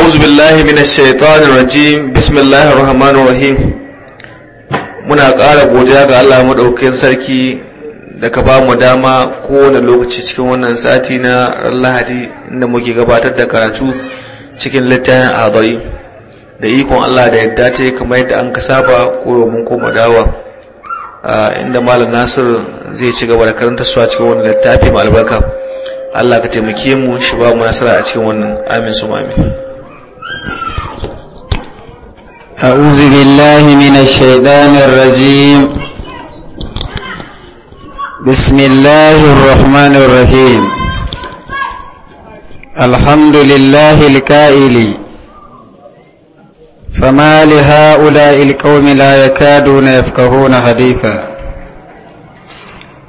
auzu billahi minash shaitanir rajim bismillahir rahmanir rahim muna ƙara godiya ga Allah madaukakin sarki da ka ba mu dama kowane lokaci cikin wannan sati na lahadi inda muke gabatar da karatu cikin littafin adai da ikon Allah da yadda ce kamar yadda an ka saba ko mun koma dawa inda malam nasir zai ci gaba da karanta su a cikin wannan littafi mai albarka Allah ka taimake mu shi ba mu nasara a cikin wannan amin su amin أعوذ بالله من الشيطان الرجيم بسم الله الرحمن الرحيم الحمد لله الكائل فما لهؤلاء القوم لا يكادون يفقهون حديثا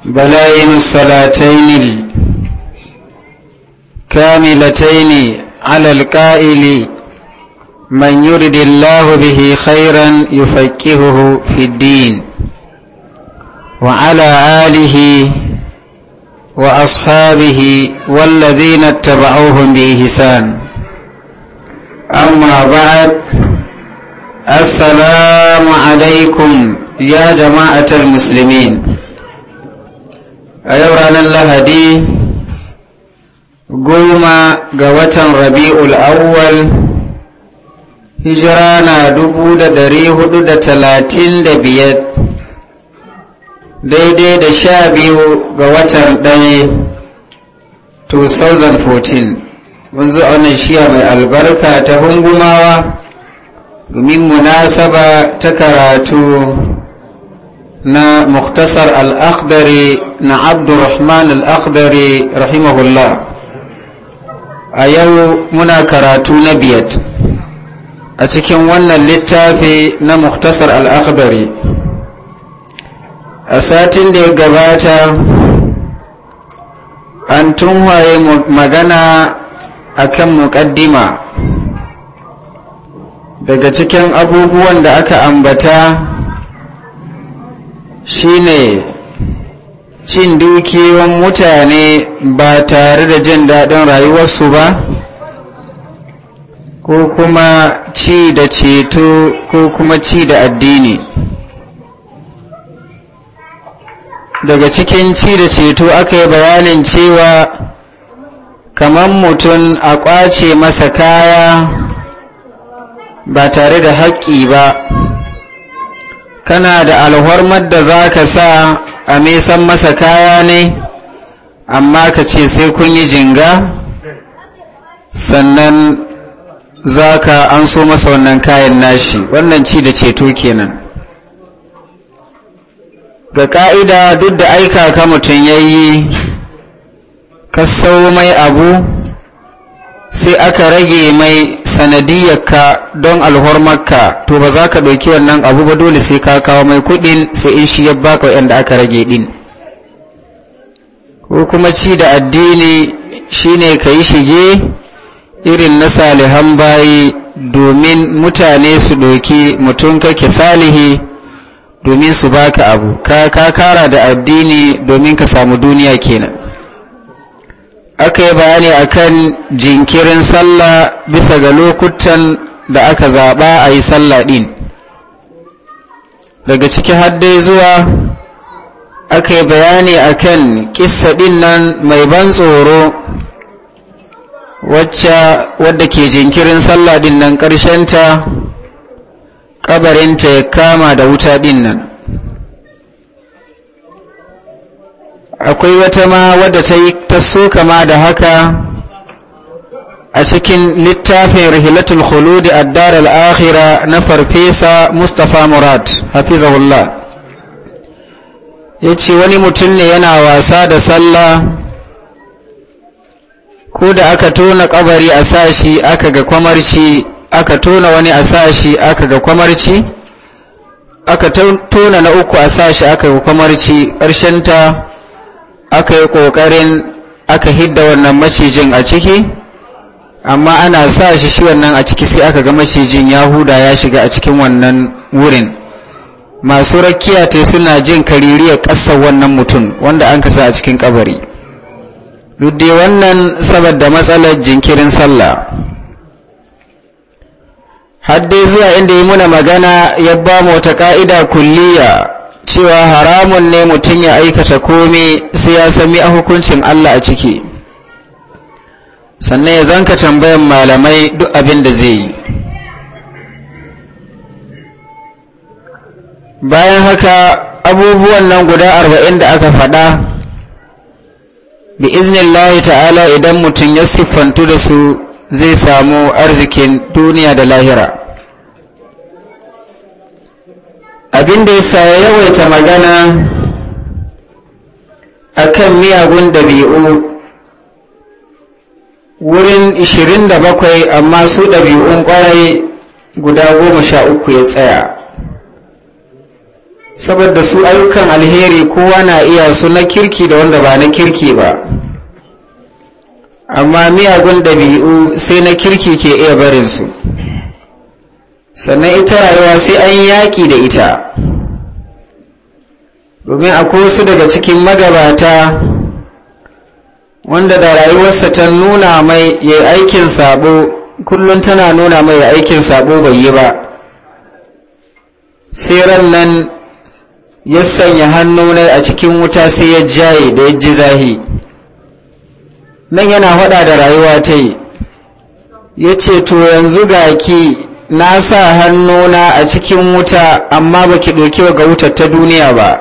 بلائم الصلاتين الكاملتين على الكائل من يرد الله به خيرا يفكهه في الدين وعلى آله وأصحابه والذين اتبعوهم بإحسان أما بعد السلام عليكم يا جماعة المسلمين أيورانا اللهدي قوم قوة ربيع الأول hijira na dubu da dari hudu da talatin da biyar daidai da sha biyu ga watan ɗaya 2014 mun zo wannan shiya mai albarka ta hungumawa domin munasaba ta karatu na muktasar al'akhdari na abdurrahman al'akhdari rahimahullah a yau muna karatu na biyar. a cikin wannan littafi na muktasar al'akbari a satin da ya gabata an tunwaye magana a kan muƙaddima daga cikin abubuwan da aka ambata shine cin dukiyar mutane ba tare da jin daɗin rayuwarsu ba ko kuma ci da ceto ko kuma ci da addini daga cikin ci da ceto aka yi bayanin cewa kamar mutum a kwace masa kaya ba tare da haƙƙi ba kana da alhormar da za ka sa a mesan masa kaya ne amma ka ce sai kun yi jinga sannan za ka an so masa wannan kayan nashi wannan ci da ceto kenan ga ka'ida duk da aika ka mutum ya yi kasau mai abu sai aka rage mai sanadiyarka don alhormarka to ba za ka ɗauki wannan abu ba dole sai ka kawo mai kuɗin sai in shi ya baka yadda aka rage din. ko kuma ci da addini shine ka yi shige irin na salihan bayi domin mutane su doki mutum kake salihi domin su baka abu ka kara da addini domin ka samu duniya kenan aka yi bayani akan jinkirin sallah bisa ga lokutan da aka zaɓa a yi sallah ɗin daga ciki haddai zuwa aka yi bayani akan kissa ɗin nan mai ban tsoro wacce wadda ke jinkirin sallah din nan ta ƙabarinta ya kama da wuta din nan akwai wata ma wadda ta yi ta so kama da haka a cikin littafin rihilatul khuludi addar al-akhira na farfesa mustapha murad hafizahullah ya ce wani mutum ne yana wasa da sallah ko da aka tona kabari a sashi aka ga kwamarci aka tona wani a sashi aka ga kwamarci aka tona na uku a sashi aka ga kwamarci ta aka yi ƙoƙarin aka hidda wannan macijin a ciki amma ana sa shi shi wannan a ciki sai aka ga macijin ya huda ya shiga a cikin wannan wurin masu rakiya te suna jin kaririyar ƙasar wannan mutum wanda an kasa a cikin kabari dudde wannan saboda matsalar jinkirin sallah haddai zuwa inda yi muna magana ya ba mu wata ƙa'ida kulliya cewa haramun ne mutum ya aikata komai sai ya sami a hukuncin Allah a ciki sannan ya zanka tambayan malamai duk abin da zai yi bayan haka abubuwan nan guda arba'in da aka faɗa bi lahi ta'ala idan mutum ya siffantu da su zai samu arzikin duniya da lahira abin da yasa ya yawaita magana a kan miyagun ɗabi'u wurin 27 amma su ɗabi'un ƙwarai guda goma sha uku ya tsaya saboda su ayyukan alheri kowa na iya su na kirki da wanda ba na kirki ba amma miyagun ɗabi'u sai na kirki ke iya barinsu sannan ita rayuwa sai an yaƙi da ita domin akwai wasu daga cikin magabata wanda da rayuwarsa ta nuna mai ya aikin sabo kullum tana nuna mai ya aikin sabo bai yi ba sai ran nan ya sanya hannu a cikin wuta sai ya jaye da ya ji zahi nan yana haɗa da rayuwa ta yi ya ce to yanzu ga ki na sa hannuna a cikin wuta amma ba ki ɗauki ga wutar ta duniya ba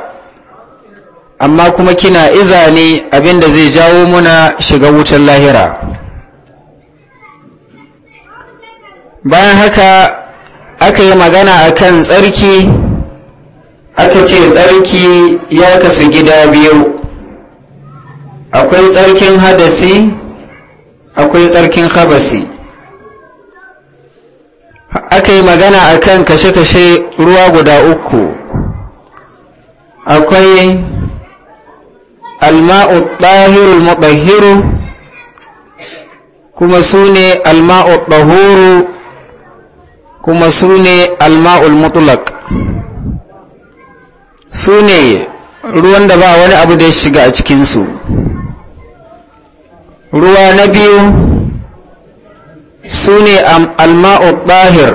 amma kuma kina iza ne abinda zai jawo muna shiga wutar lahira bayan haka aka yi magana a kan tsarki aka ce tsarki ya kasu gida biyu akwai tsarkin hadasi akwai tsarkin habasi aka yi magana akan kashe-kashe ruwa guda uku akwai alma'u ɗahirul maɗahiru kuma su ne alma'u ɗahuru kuma su ne alma'ul mutulak su ne ruwan da ba wani abu da ya shiga a cikinsu ruwa na biyu su ne alma'u ɗahir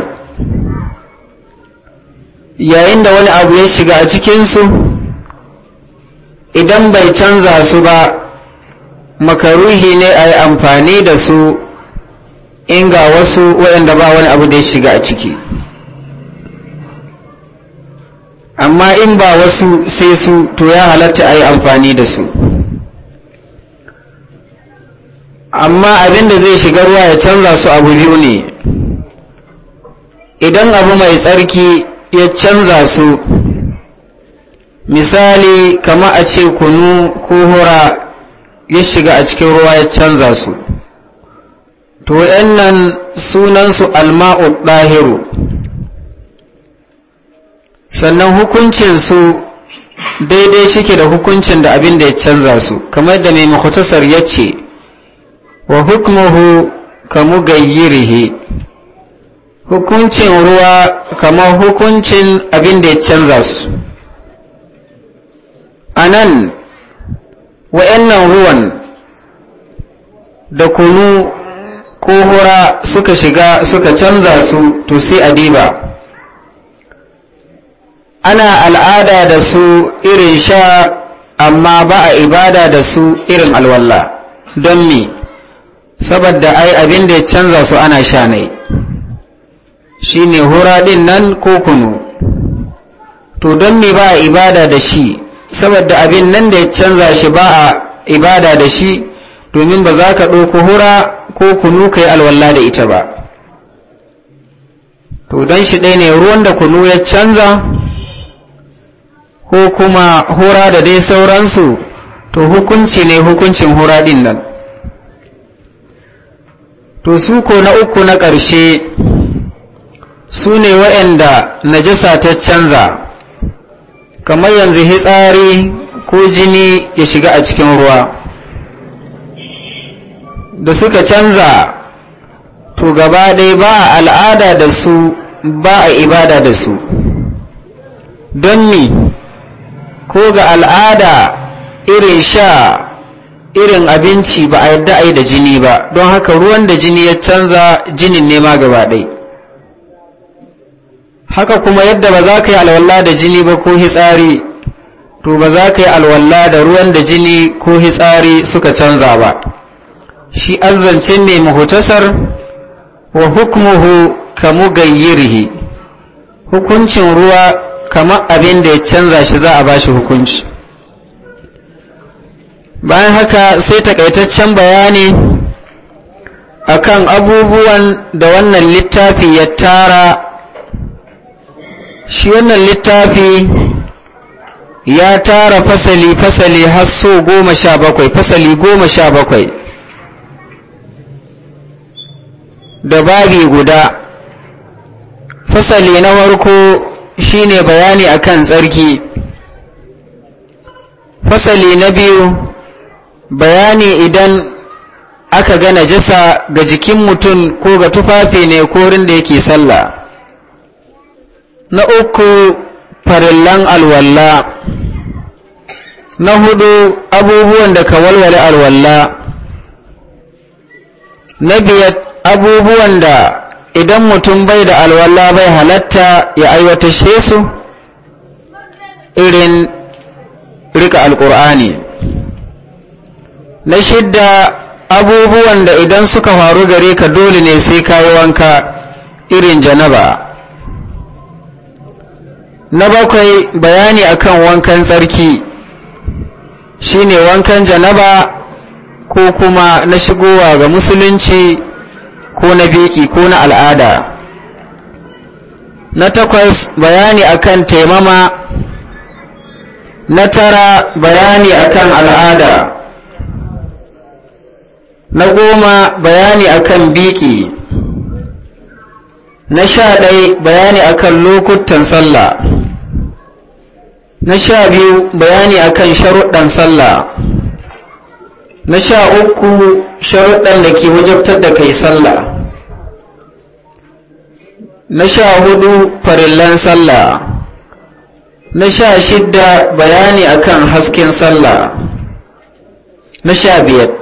yayin da wani abu ya shiga a cikinsu idan bai canza su ba makaruhi ne a yi amfani da su in wasu waɗanda ba wani abu da ya shiga a ciki amma in ba wasu sai su to ya halatta a yi amfani da su amma abin da zai shiga ruwa ya canza su abu biyu ne idan abu mai tsarki ya canza su misali kama a ce kunu ko hura ya shiga a cikin ruwa ya canza su to nan sunansu alma'u ɗahiru sannan hukuncinsu daidai shike da hukuncin da abin da ya canza su kamar da mai mahutasar ya ce wa hukmuhu kamugayyirihi hukuncin ruwa kamar hukuncin abin da ya canza su a nan wa'annan ruwan da kunu ko hura suka shiga suka canza su to sai a diba ana al'ada da su irin sha amma ba a ibada da su irin alwallah don me saboda ai abin da ya canza su ana sha ne shi ne huraɗin nan ko kunu to don me ba a ibada da shi saboda abin nan da ya canza shi ba a ibada da shi domin ba za ka ɗauko hura ko kunu ka yi alwallah da ita ba to don shi ɗaya ne ruwan da kunu ya canza ko kuma hura da dai sauransu to hukunci ne hukuncin hura din nan to su ko na uku na ƙarshe su ne waɗanda najasa ta canza kamar yanzu hitsari ko jini ya shiga a cikin ruwa da suka canza to gaba ɗaya ba a al'ada da su ba a ibada da su don mi ko ga al'ada irin sha irin abinci ba a yarda a yi da jini ba don haka ruwan da jini ya canza jinin nema ma gaba ɗai haka kuma yadda ba za ka yi alwala da jini ba ko hitsari to ba za ka yi alwala da ruwan da jini ko hitsari suka canza ba shi azzancin ne muhutasar wa hukumuhu ka mugayyirhi hukuncin ruwa kamar abin da ya canza shi za a bashi hukunci bayan haka sai takaitaccen bayani akan abubuwan da wannan littafi ya tara shi wannan littafi ya tara fasali-fasali har so goma sha bakwai fasali goma sha bakwai da babi guda fasali na farko shine bayani akan tsarki fasali na biyu bayani idan aka ga najasa ga jikin mutum ko ga tufafi ne ko da yake sallah na uku farillan alwalla na hudu abubuwan da ka walwale alwalla na biyar abubuwan da idan mutum bai da alwalla bai halatta ya aiwatashe su irin rika alkur'ani na shidda abubuwan da idan suka faru gare ka dole ne sai ka yi wanka irin janaba na bakwai bayani akan wankan tsarki shine wankan janaba ko kuma na shigowa ga musulunci ko na biki ko na al'ada na takwas bayani akan taimama na tara bayani akan al'ada na goma bayani akan biki na sha ɗai bayani akan lokutan sallah na sha biyu bayani akan sharuɗan sallah na sha uku sharuɗan da ke wajabtar da kai sallah na sha hudu farillan sallah na sha shidda bayani akan hasken sallah na sha biyar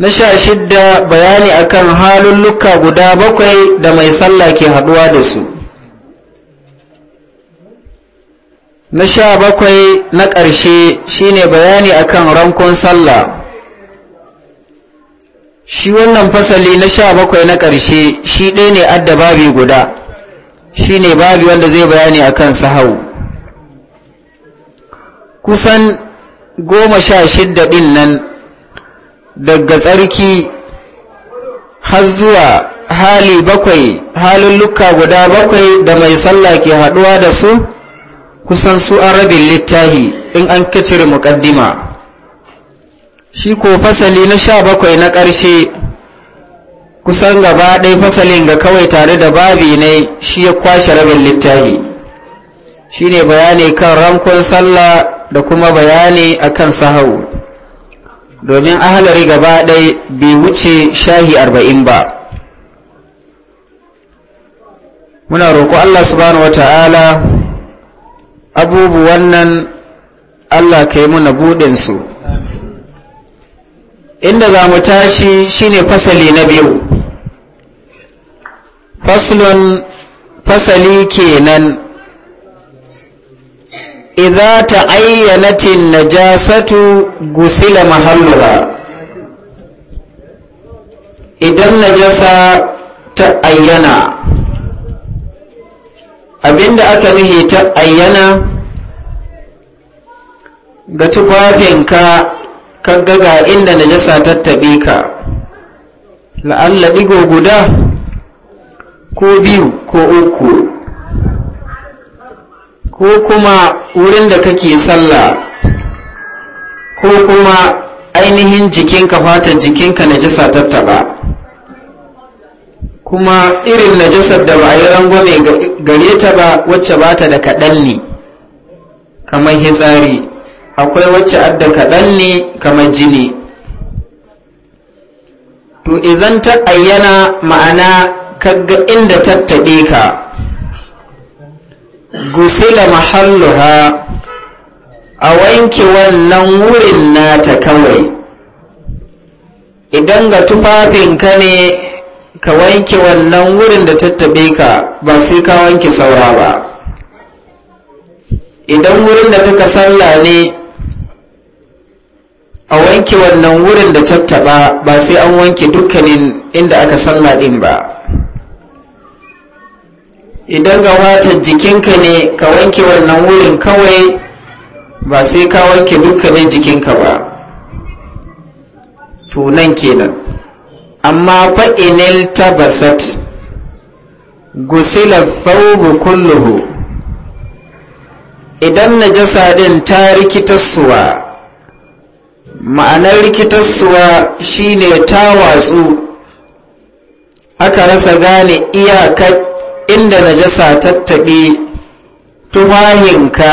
na sha shidda bayani akan halulluka guda bakwai da mai sallah ke haɗuwa da su na sha bakwai na ƙarshe shine bayani akan rankon sallah shi wannan fasali na sha bakwai na ƙarshe shi ɗai ne adda babi guda shi ne babi wanda zai bayani akan sahau kusan goma sha shidda ɗin nan daga tsarki har zuwa hali bakwai halin halulluka guda bakwai da mai sallah ke haduwa da su kusan su an rabin littahi in an kacire mukaddima shi ko fasali na sha bakwai na ƙarshe kusan gaba ɗaya fasalin ga kawai tare da babi ne shi ya kwashe rabin littahi ne bayani kan rankon sallah da kuma bayani akan sahau domin ahalari gaba ɗai bai wuce shahi arba'in ba muna roƙo Allah subhanahu wata'ala abubuwan nan Allah ka yi muna buɗinsu inda za mu tashi shine fasali na biyu Faslon fasali kenan idza ta'ayyanatin najasatu gusila mahalluha idan najasa ta ayyana abinda aka nuhi ta ayyana ga tufafinka ka gaga inda najasa tattabe ka la'alla digo guda ko biyu ko uku ko kuma wurin da kake sallah ko kuma ainihin jikinka fatan jikinka najasa tattaba kuma irin najasar da ba a yi rangwame gare ta ba wacce ba ta da kaɗan ne kamar hitsari akwai wacce adda kaɗan ne kamar jini to izan ta ayyana ma'ana kaga inda tattaɓe ka gusila mahalluha a wanke wannan wurin nata kawai idan ga tufafinka ne ka wanke wannan wurin da tattabe ka ba sai ka wanke saura ba idan wurin da kaka salla ne a wanke wannan wurin da tattaba ba sai an wanke dukkanin inda aka salla din ba idan ga jikinka ne ka wanke wannan wurin kawai ba sai ka wanke dukkanin jikinka ba tunan kenan amma fa'inil tabasat gusila thawbu kulluhu idan najasa din ta rikitarsuwa ma'anar rikitarsuwa shine ta watsu aka rasa gane iyakar inda najasa tattaɓe tuwahinka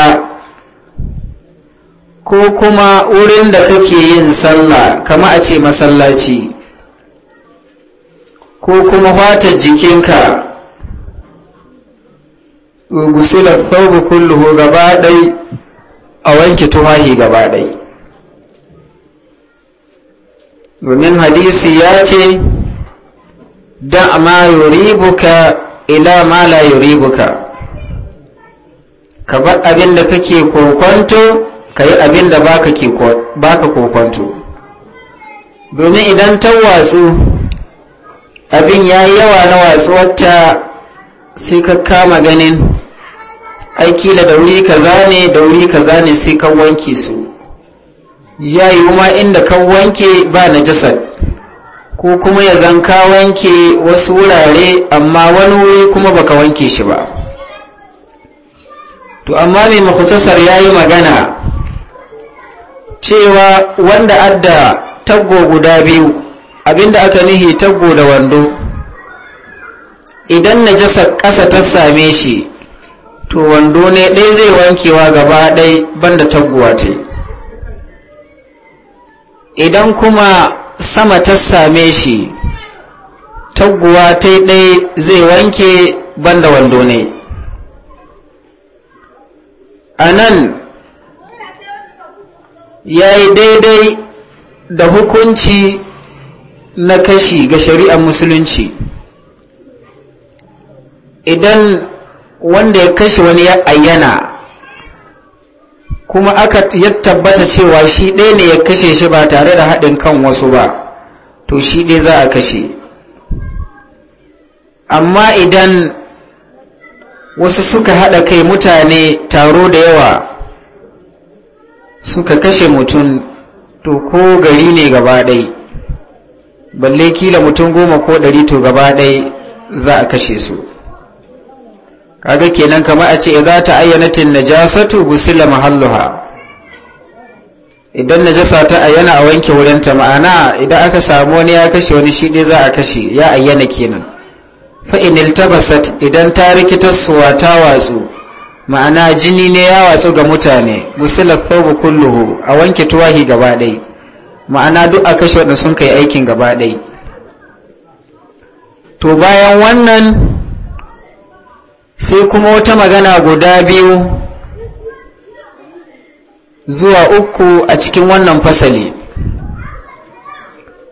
ko kuma wurin da kake yin sallah kama a ce masallaci ko kuma fatar jikinka gusula thawbu kulluhu gaba ɗai a wanke tuwahi gaba ɗai domin hadisi ya ce da ma yuribuka ila ma la yuribuka ka bar abin da kake kokonto ka yi abin da baka kokonto domin idan ta watsu abin ya yi yawa na watsu wata sai ka kama ganin aiki da wuri ka zane, da wuri kaza ne sai ka wanke su ya yi ma inda ka wanke ba na jasad ko kuma ya zanka wanke wasu wurare amma wani wuri kuma baka wanke shi ba to amma mai makutasar ya yi magana cewa wanda adda taggo guda biyu abinda aka nihi taggo da wando idan najasar ƙasa ta same shi to wando ne ɗaya zai wankewa gaba ɗai banda tagguwa ta idan kuma sama ta same shi taguwa ta ɗai zai wanke banda wando ne a nan ya yi daidai da hukunci na kashi ga shari'ar musulunci idan wanda ya kashe wani ya ayyana kuma aka ya tabbata cewa shi ɗaya ne ya kashe shi ba tare da haɗin kan wasu ba to shi ɗaya za a kashe amma idan wasu suka haɗa kai mutane taro da yawa suka kashe mutum to ko gari ne gaba ɗai balle kila mutum goma ko ɗari to gaba ɗai za a kashe su kaga kenan kamar a ce idza ta'ayyanatin najasatu gusila mahalluha idan najasa ta ayyana a wanke wurin ta ma'ana idan aka samu wani ya kashe wani shi dai za a kashe ya ayyana kenan fa in iltabasat idan ta rikita suwa ta watsu ma'ana jini ne ya watsu ga mutane gusila thawbu kulluhu a wanke tuwahi gaba dai ma'ana duk a kashe wadda sun kai aikin gaba dai to bayan wannan sai kuma wata magana guda biyu zuwa uku a cikin wannan fasali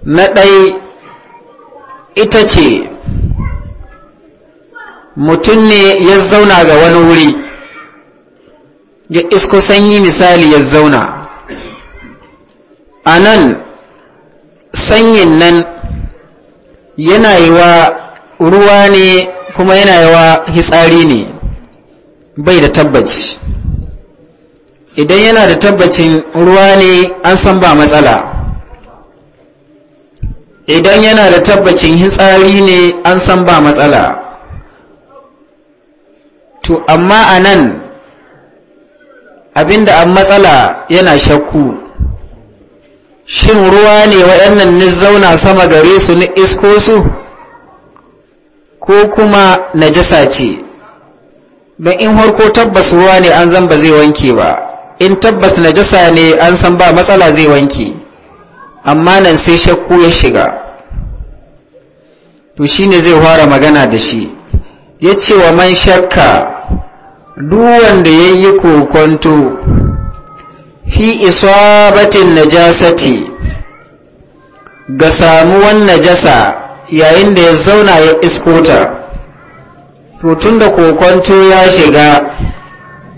na ɗai ita ce mutum ne ya zauna ga wani wuri ya isko sanyi misali ya zauna a nan sanyin nan yana yi wa ruwa ne kuma yana yawa hitsari ne bai da tabbaci idan yana da tabbacin ruwa ne an san ba matsala idan yana da tabbacin hitsari ne an san ba matsala to amma a nan abinda an matsala yana shakku shin ruwa ne waɗannan ni zauna sama gare su ni isko su ko kuma najasa ce don in harko tabbas ruwa ne an zan ba zai wanke ba in tabbas najasa ne an san ba matsala zai wanke amma nan sai shakku ya shiga to shi ne zai fara magana da shi ya ce wa man shakka wanda ya yi kokonto fi isabatin najasati ga samuwan najasa yayin da ya zauna ya iskota to tun da kokonto ya shiga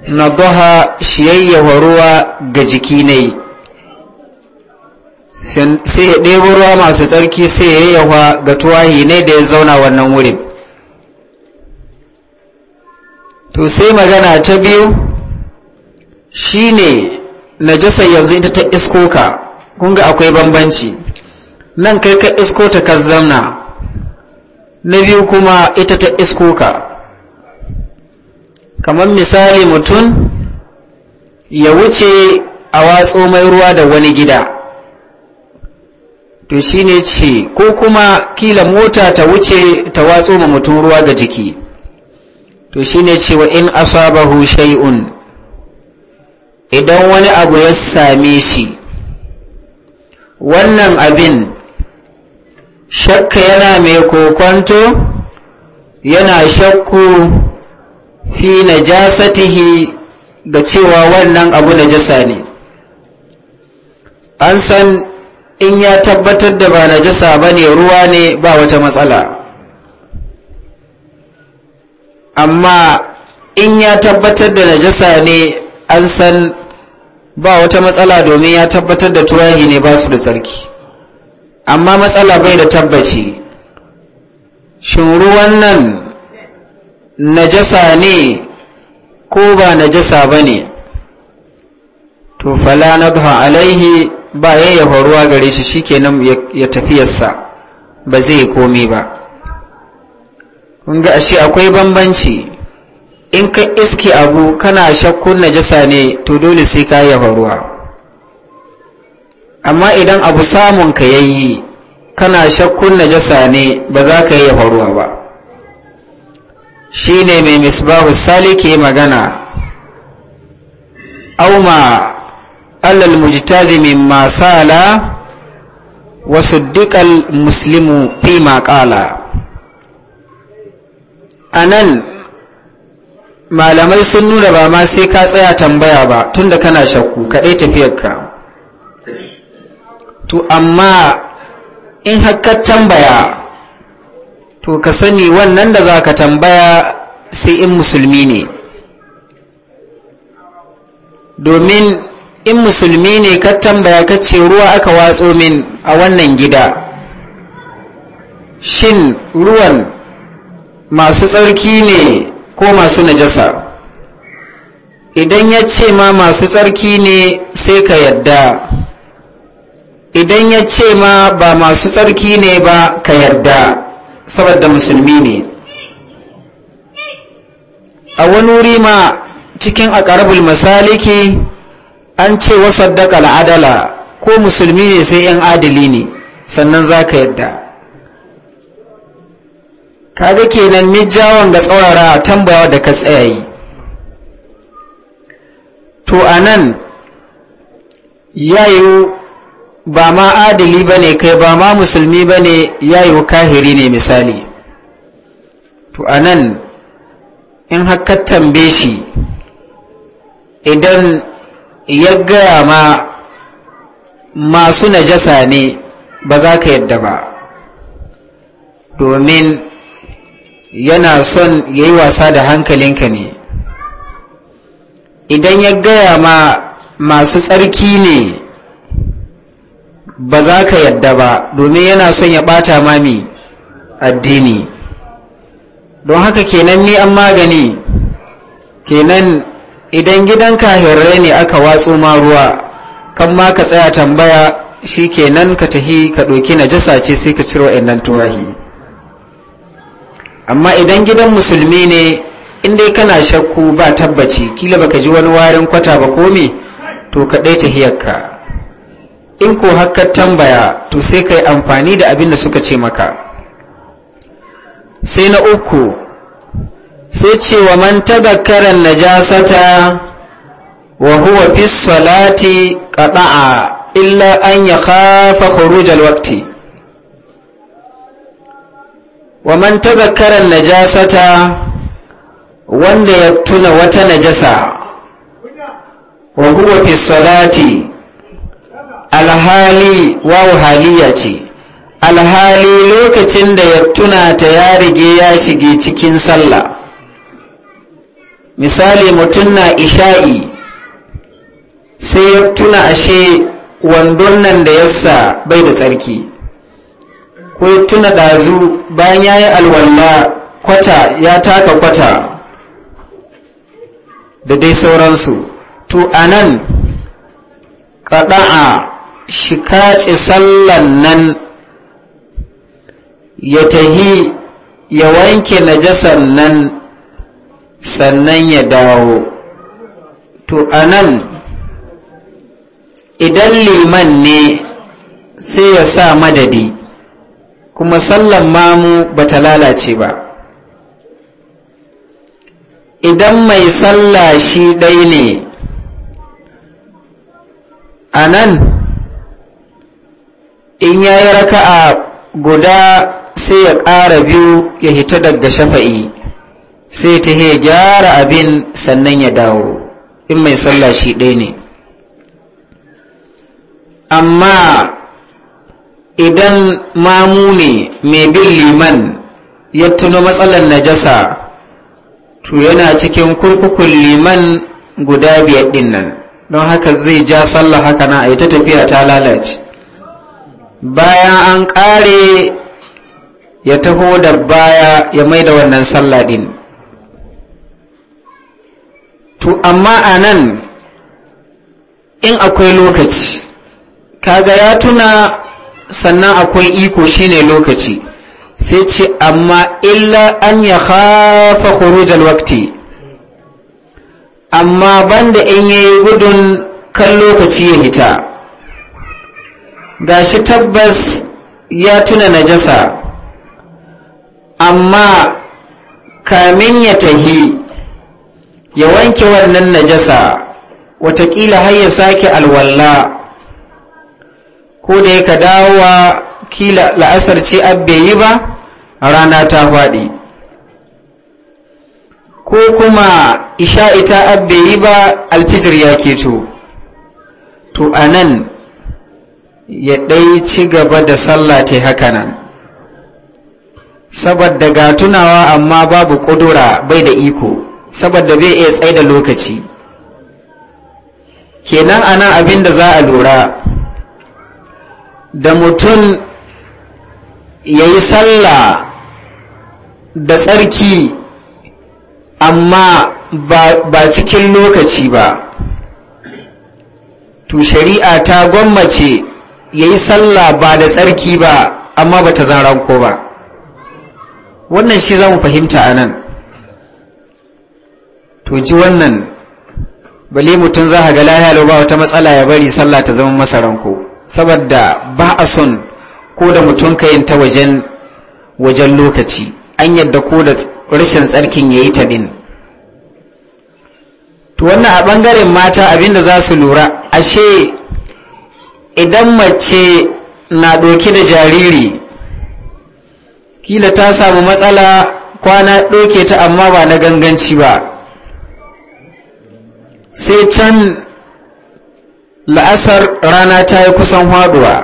na doha shiyayyawa ruwa ga jiki ne sai ya ɗebo ruwa masu tsarki sai ya yayyawa ga tuwahi ne da ya zauna wannan wurin to sai magana ta biyu Shi ne na jisa yanzu ita ta iskoka kunga akwai bambanci nan kai ka iskota ka zauna na biyu kuma ita ta isko ka kamar misali mutum ya wuce a watso mai ruwa da wani gida to shi ne ce ko kuma kila mota ta wuce ta watso ma mutum ruwa ga jiki to shi ne ce wa in asabahu shay'un idan wani abu ya same shi wannan abin shakka yana mai kokonto yana shakku fi jasatihi ga cewa wannan abu na jasa ne an san in ya tabbatar da ba jasa ba ne ruwa ne ba wata matsala amma in ya tabbatar da na jasa ne an san ba wata matsala domin ya tabbatar da turahi ne ba su da tsarki amma matsala bai da tabbaci shin ruwan nan najasa ne ko ba najasa ba ne to fala na alaihi ba ya yi ruwa gare shi shikenan ya tafiyarsa ba zai komi ba ga ashe akwai bambanci in ka iske abu kana shakkun najasa ne to dole sai ka yi ruwa amma idan abu samun ka yayi kana shakkun najasa ne ba za ka yi faruwa ba Shi ne mai misbahu salike magana auma alal mujtazi mimma sala wa dukkan muslimu fi maƙala. A nan, malamai sun nuna ba ma sai ka tsaya tambaya ba tunda kana shakku kaɗai tafiyarka to amma in haka tambaya to ka sani wannan da za ka tambaya sai in musulmi ne domin in musulmi ne ka tambaya ka ce ruwa aka watso min a wannan gida shin ruwan masu tsarki ne ko masu najasa idan ya ce ma masu tsarki ne sai ka yadda idan ya ce ma ba masu tsarki ne ba ka yarda saboda musulmi ne a wani wuri ma cikin akarabul masaliki an ce wasu al'adala ko musulmi ne sai yan adali ne sannan za ka yarda kaga kenan mijawon ga tsaurara tambawa da ka tsayayi to a nan yi ba ma adali ba ne kai ba ma musulmi ba ne ya yi kahiri ne misali to a nan in haka tambe shi idan ya gaya ma masu najasa ne ba za ka yadda ba domin yana son ya yi wasa da hankalinka ne idan ya gaya ma masu tsarki ne ba za ka yadda ba domin yana son ya ɓata mami addini don haka kenan ni an magani kenan idan gidan kahirrai ne aka watso ma ruwa kan ma ka tsaya tambaya shi kenan ka tahi ka ɗauki najasa ce sai ka ciro wa'annan tuwahi amma idan gidan musulmi ne in dai kana shakku ba tabbaci kila baka ji wani warin kwata ba komi to ka tahiyar ka. in ko haka tambaya to sai kayi amfani da abin da suka ce maka sai na uku sai ce wa man tadakkaran najasata wa huwa fi salati qada'a illa an ya khafa khuruj alwaqti wa man tadhakkara najasata wanda ya tuna wata najasa wa huwa fi salati alhali wawu haliya ce alhali lokacin da ya tuna ta ya rige ya shige cikin sallah misali mutum na isha'i sai ya tuna ashe wandon nan da yassa bai da tsarki ko ya tuna ɗazu bayan ya yi alwalla kwata ya taka kwata da dai sauransu to anan kaɗa'a shi kaci sallan nan ya tahi ya wanke najasan nan sannan ya dawo to a nan, idan liman ne sai ya sa madadi kuma sallan mamu ba ta lalace ba idan mai salla shi ɗai ne a nan in ya yi raka'a guda sai ya ƙara biyu ya hita daga shafa'i sai ta he gyara abin sannan ya dawo in mai sallah shi ɗaya ne amma idan mamu ne mai bin liman ya tuno matsalar najasa to yana cikin kurkukun liman guda biyar ɗin nan don haka zai ja sallah haka na a yi ta tafiya ta lalace bayan an ƙare ya taho da baya ya mai da wannan sallah ɗin to amma a nan in akwai lokaci kaga ya tuna sannan akwai iko shine lokaci sai ce amma illa an ya khafa khurujal wakti amma banda in yayi gudun kan lokaci ya hita Ga shi tabbas ya tuna najasa amma kamin ya tahi ya wanke wannan najasa watakila har ya sake alwalla ko da yaka dawowa kila la'asar ce abbe yi ba rana ta faɗi ko kuma isha'ita ita abbe yi ba alfijir ya keto to a nan ya ɗai ci gaba da sallah ta nan. saboda ga tunawa amma babu ƙudura bai da iko saboda bai iya tsaye da lokaci kenan ana abin da za a lura da mutum ya yi sallah da tsarki amma ba cikin lokaci ba to shari'a ta gwammace ya yi sallah ba da tsarki ba amma ba ta zaranko ba wannan shi za mu fahimta a nan to ji wannan bale mutum za a ga lahiya ba wata matsala ya bari sallah ta zama masa ranko saboda ba a son ko da mutum ka yin ta wajen wajen lokaci an yadda ko da rashin tsarkin ya yi ta din to wannan a ɓangaren mata abinda za su lura ashe idan mace na ɗauki da jariri kila ta samu matsala kwana ɗauke ta amma ba na ganganci ba sai can la'asar rana ta yi kusan haɗuwa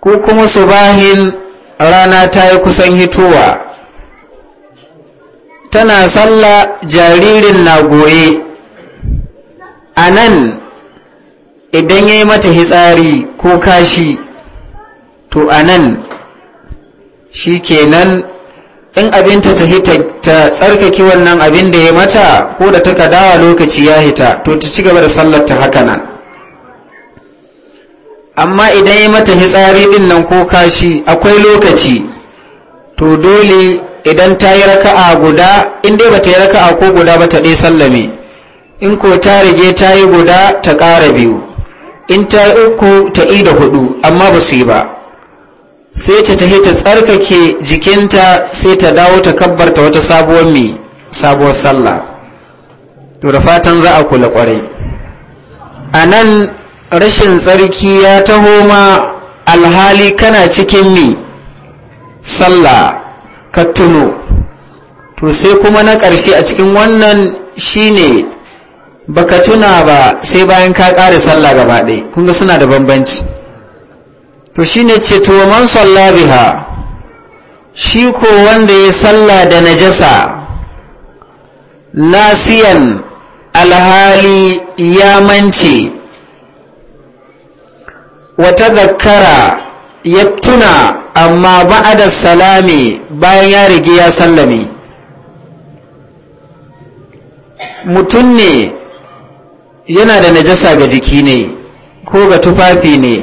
ko kuma su subahin rana ta yi kusan hitowa tana sallah jaririn na goye a nan idan ya yi mata hitsari ko kashi to a nan shi kenan in abinta ta hita ta tsarkake wannan abin da ya mata ko da ta kadawa lokaci ya hita to ta ci gaba da sallarta ta haka nan amma idan ya mata hitsari din nan ko kashi akwai lokaci to dole idan ta yi raka'a guda in dai bata yi raka'a ko guda ba ta dai sallame in ko ta rige ta yi guda ta ƙara biyu in ta yi uku ta yi da hudu amma ba su yi ba sai ta tahi ta tsarkake jikinta sai ta dawo ta kabbarta wata sabuwar mai sabuwar sallah to da fatan za a kula kwarai a nan rashin tsarki ya taho ma alhali kana cikin mi sallah ka tuno to sai kuma na ƙarshe a cikin wannan shine baka tuna ba sai bayan ka ƙare sallah gaba ɗai kun suna da bambanci to ne ce to man biha shi ko wanda ya salla da najasa nasiyan alhali ya mance wata zakara ya tuna amma da salami bayan ya rige ya sallame mutum ne yana da najasa ga jiki ne ko ga tufafi ne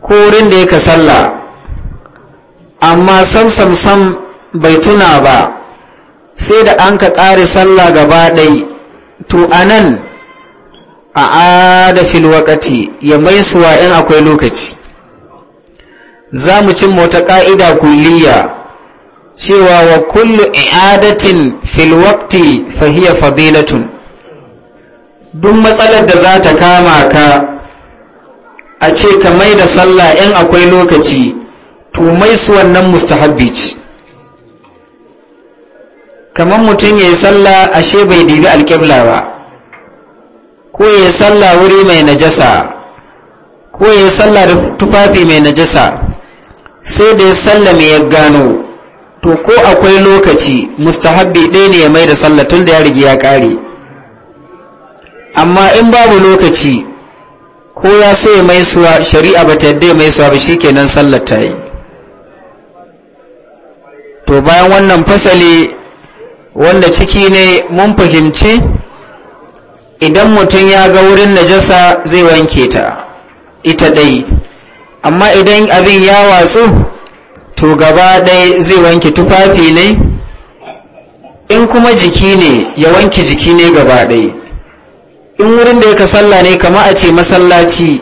ko wurin da yake sallah amma sam sam sam bai tuna ba sai da an ka ƙare sallah gaba ɗai to anan a da filwakati ya mai suwa in akwai lokaci za mu cin wata ƙa'ida kulliya cewa wa kullu i'adatin fil waqti fahiya fadilatun duk matsalar da za ta kama ka a ce ka mai da sallah in akwai lokaci to mai su wannan mustahabbi kamar mutum ya yi sallah ashe bai dibi alƙibla ba ko ya yi sallah wuri mai najasa ko ya yi sallah da tufafi mai najasa sai da ya sallah mai ya gano to ko akwai lokaci mustahabbi ɗaya ne ya mai da sallah tun da ya rigi ya ƙare amma in babu lokaci ko ya so ya mai suwa shari'a ba ta yadda mai suwa ba shi nan sallar ta yi to bayan wannan fasali wanda ciki ne mun fahimci idan mutum ya ga wurin najasa zai wanke ta ita ɗai amma idan abin ya watsu to gaba ɗai zai wanke tufafi ne in kuma jiki ne ya wanke jiki ne gaba ɗai in wurin da yaka sallah ne kama a ce masallaci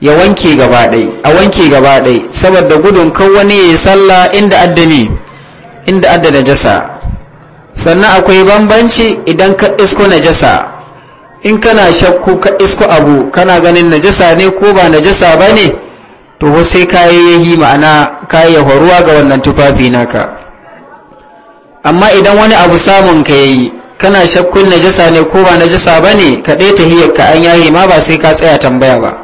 ya wanke gaba a wanke gaba saboda gudun kan wani ya sallah inda addami inda adda najasa sannan akwai bambanci idan ka isko najasa in kana shakku ka isko abu kana ganin najasa ne ko ba najasa ba ne to sai yi ma'ana kayan horuwa ga wannan tufafi naka amma idan wani abu samun ka yayi kana shakkun najasa ne ko ba najasa ba ne ka ɗaya hiyar ka an yayi ma ba sai ka tsaya tambaya ba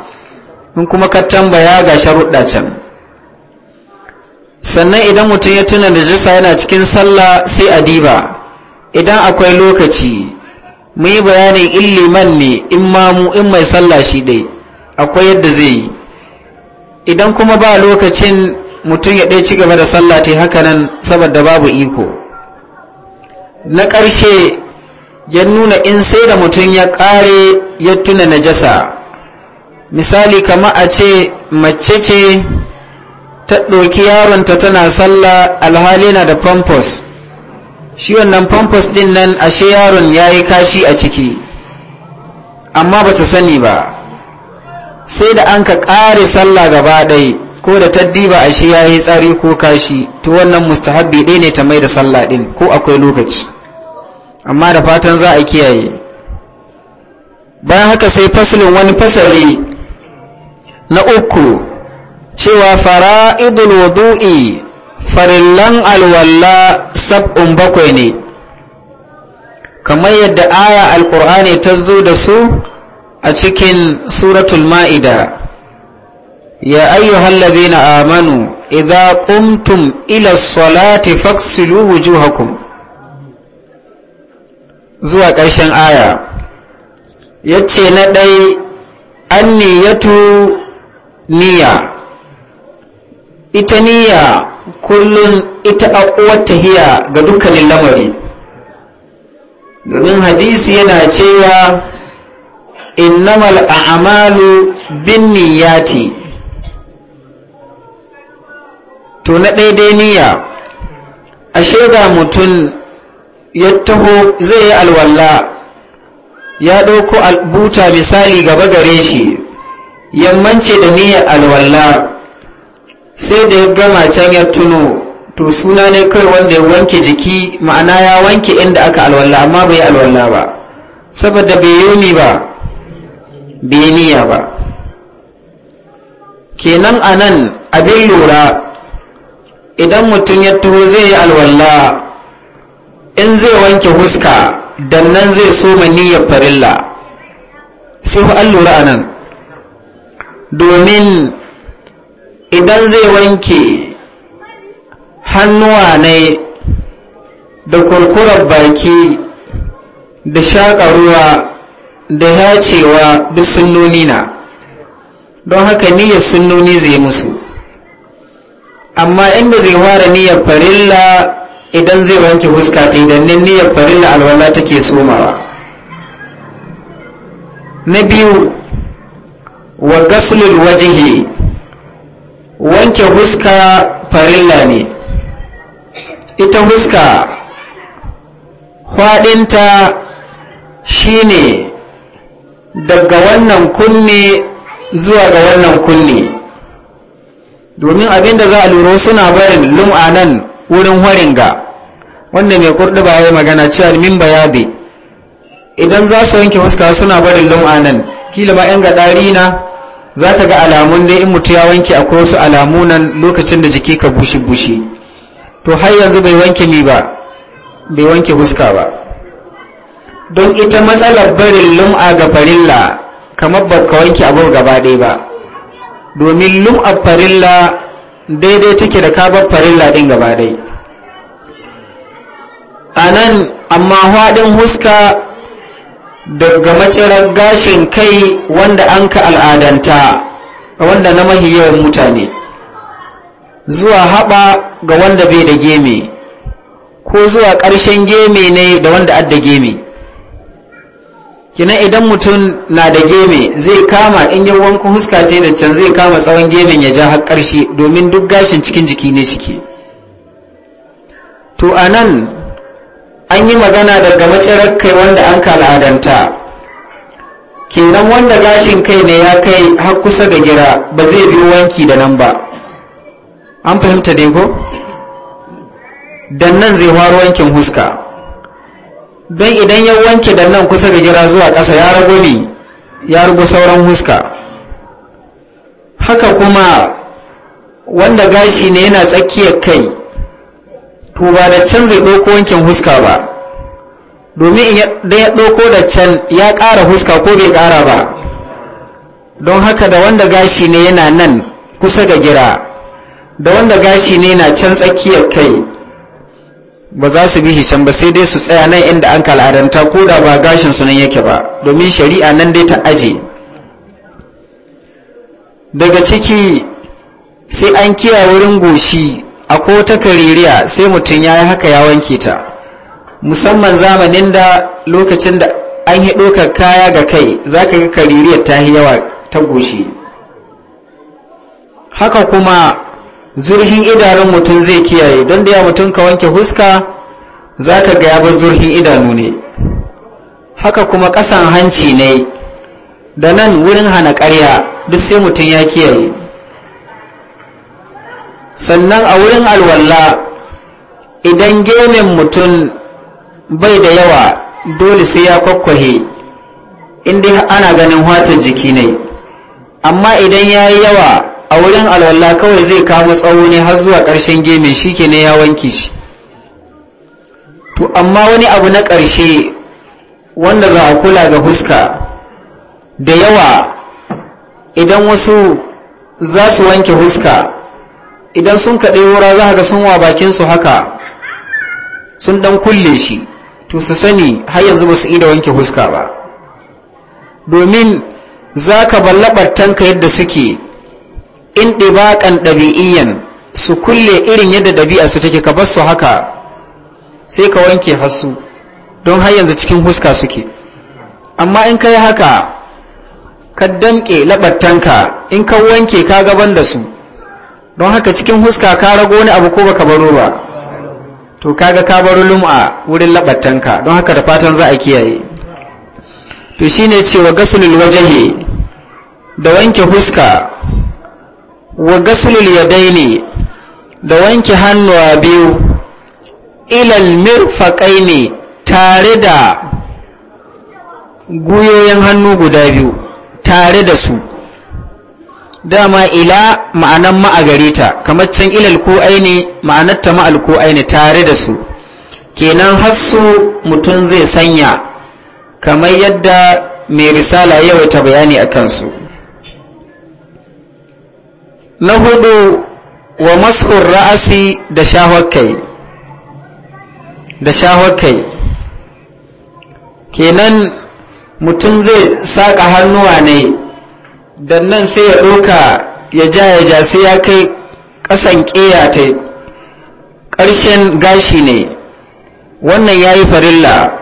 in kuma ka tambaya ga sharuɗa can sannan idan mutum ya tuna najasa yana cikin sallah sai a diba idan akwai lokaci mu yi bayanin illiman ne in mamu in mai sallah shi dai akwai yadda zai yi idan kuma ba lokacin mutum ya ɗai ci gaba da sallah ta haka nan saboda babu iko na ƙarshe ya nuna in sai da mutum ya ƙare ya tuna najasa misali kama a ce mace ce ta ɗauki yaronta tana sallah alhali na da pampers shi wannan pampers ɗin nan ashe yaron ya yi kashi a ciki amma ba ta sani ba sai da an ka ƙare sallah gaba ɗaya ko da tadiba a shi ya tsari ko kashi to wannan mustahabbi ɗaya ne ta mai da sallah ɗin ko akwai lokaci amma da fatan za a kiyaye bayan haka sai fasalin wani fasali na uku cewa fara'idul wudu'i farillan alwalla sab'un bakwai ne kamar yadda aya alkur'ani ta zo da su a cikin suratul ma'ida يا أيها الذين آمنوا إذا قمتم إلى الصلاة فاغسلوا وجوهكم zuwa ƙarshen aya ya ce na ɗai an niyatu niyya ita niyya kullum ita akuwar tahiya ga dukkanin lamari domin hadisi yana cewa innamal a'malu bin niyyati to na daidai niyya ashe shaida mutum ya taho zai yi alwalla ya ɗauko albuta misali gaba gare shi yammance da niyyar alwalla sai da ya gama can ya tuno to suna ne kai wanda ya wanke jiki ma'ana ya wanke inda aka alwalla amma bai alwalla ba saboda bai yomi ba bai niyya ba kenan anan abin lura idan mutum ya tuho zai yi alwala in zai wanke huska dannan zai so niyyar farilla sai ku an lura a domin idan zai wanke hannuwa ne da kurkurar baki da shaƙa ruwa da yacewa duk sunnoni na don haka niyyar sunnoni zai musu amma inda zai fara niyyar farilla idan zai wanke fuska ta idan ne niyyar farilla alwala take somawa na biyu wa gaslul wajihi wanke fuska farilla ne ita fuska faɗinta shine daga wannan kunne zuwa ga wannan kunne domin abin da za a lura suna barin lum'a nan wurin horin ga wanda mai kurdu ba ya magana cewa min bayadi idan za su wanke fuska suna barin lum'a nan kila ba yan gaɗari na za ka ga alamun dai in mutu ya wanke a kowasu alamu nan lokacin da jiki ka bushe bushe to har yanzu bai wanke mi ba bai wanke fuska ba don ita matsalar barin lum'a ga farilla kamar ba ka wanke abu gaba ɗaya ba domin lum'ar farilla daidai take da kabar farilla din gaba dai a nan amma haɗin huska daga macirar gashin kai wanda an ka al'adanta wanda na mahi yawan mutane zuwa haɓa ga wanda bai da geme ko zuwa ƙarshen geme ne da wanda adda geme kina idan mutum na da geme zai kama in yi wanku huska ta da can zai kama tsawon gemen ya ja har ƙarshe domin duk gashin cikin jiki ne ciki to a nan an yi magana daga macerar kai wanda an kala'adanta kenan wanda gashin kai ne ya kai har kusa ga gira ba zai biyo wanki da nan ba an fahimta dai ko dan nan zai faro wankin huska don idan ya wanke da nan kusa da gira zuwa ƙasa ya rago ne ya rago sauran huska haka kuma wanda gashi ne yana tsakiyar kai to ba da can zai ɗauko wankin huska ba domin da ya ɗauko da can ya ƙara huska ko bai ƙara ba don haka da wanda gashi ne yana nan kusa ga gira da wanda gashi ne yana can tsakiyar kai ba za su bi can ba sai dai su tsaya nan inda an kal'adanta ko da ba gashin su nan yake ba domin shari'a nan dai ta aje daga ciki sai an kiya wurin goshi a ko ta kaririya sai mutum ya yi haka ya wanke ta musamman zamanin da lokacin da an yi ɗaukar kaya ga kai za ka ga kaririyar ta yi yawa ta goshi haka kuma zurhin idanun mutum zai kiyaye don da ya mutum ka wanke huska za ka ga yabar zurhin idanu ne haka kuma ƙasan hanci ne da nan wurin hana karya duk sai mutum ya kiyaye sannan a wurin alwalla idan gemin mutum bai da yawa dole sai ya kwakwahe inda ana ganin wata jiki ne amma idan ya yi yawa a wurin alwala kawai zai kama tsawo ne har zuwa ƙarshen gemin shi ke ne ya wanke shi to amma wani abu na ƙarshe wanda za a kula ga huska da yawa idan wasu za su wanke huska idan sun kaɗai wura za ga sun wa bakinsu haka sun ɗan kulle shi to su sani har yanzu ba su ida wanke huska ba domin za ka ballaɓar tanka yadda suke in ɗibaƙan ɗabi'iyyan su kulle irin yadda ɗabi'a su take ka su haka sai ka wanke hasu don har yanzu cikin huska suke amma in ka yi haka ka damƙe laɓattanka in ka wanke ka gaban da su don haka cikin huska ka rago wani abu ko baka baro ba to kaga ka baro lum'a wurin laɓattanka don haka da fatan za a kiyaye to shine cewa gasulul wajahi da wanke huska wa ya yadaini da wanke hannuwa biyu ilal ne tare da guyoyin hannu guda biyu tare da su dama ila ma'anan ma'a ta kamar can ilal ko aini ma'anar ta ma'al ko aini tare da su kenan hassu mutum zai sanya kamar yadda mai risala ta bayani a kansu na hudu wa mas'ur ra'asi da shahwar da kenan mutum zai saƙa hannuwa ne da nan sai ya ɗauka ya ja ya ja sai ya kai ƙasan ƙeya ta ƙarshen gashi ne wannan ya yi farilla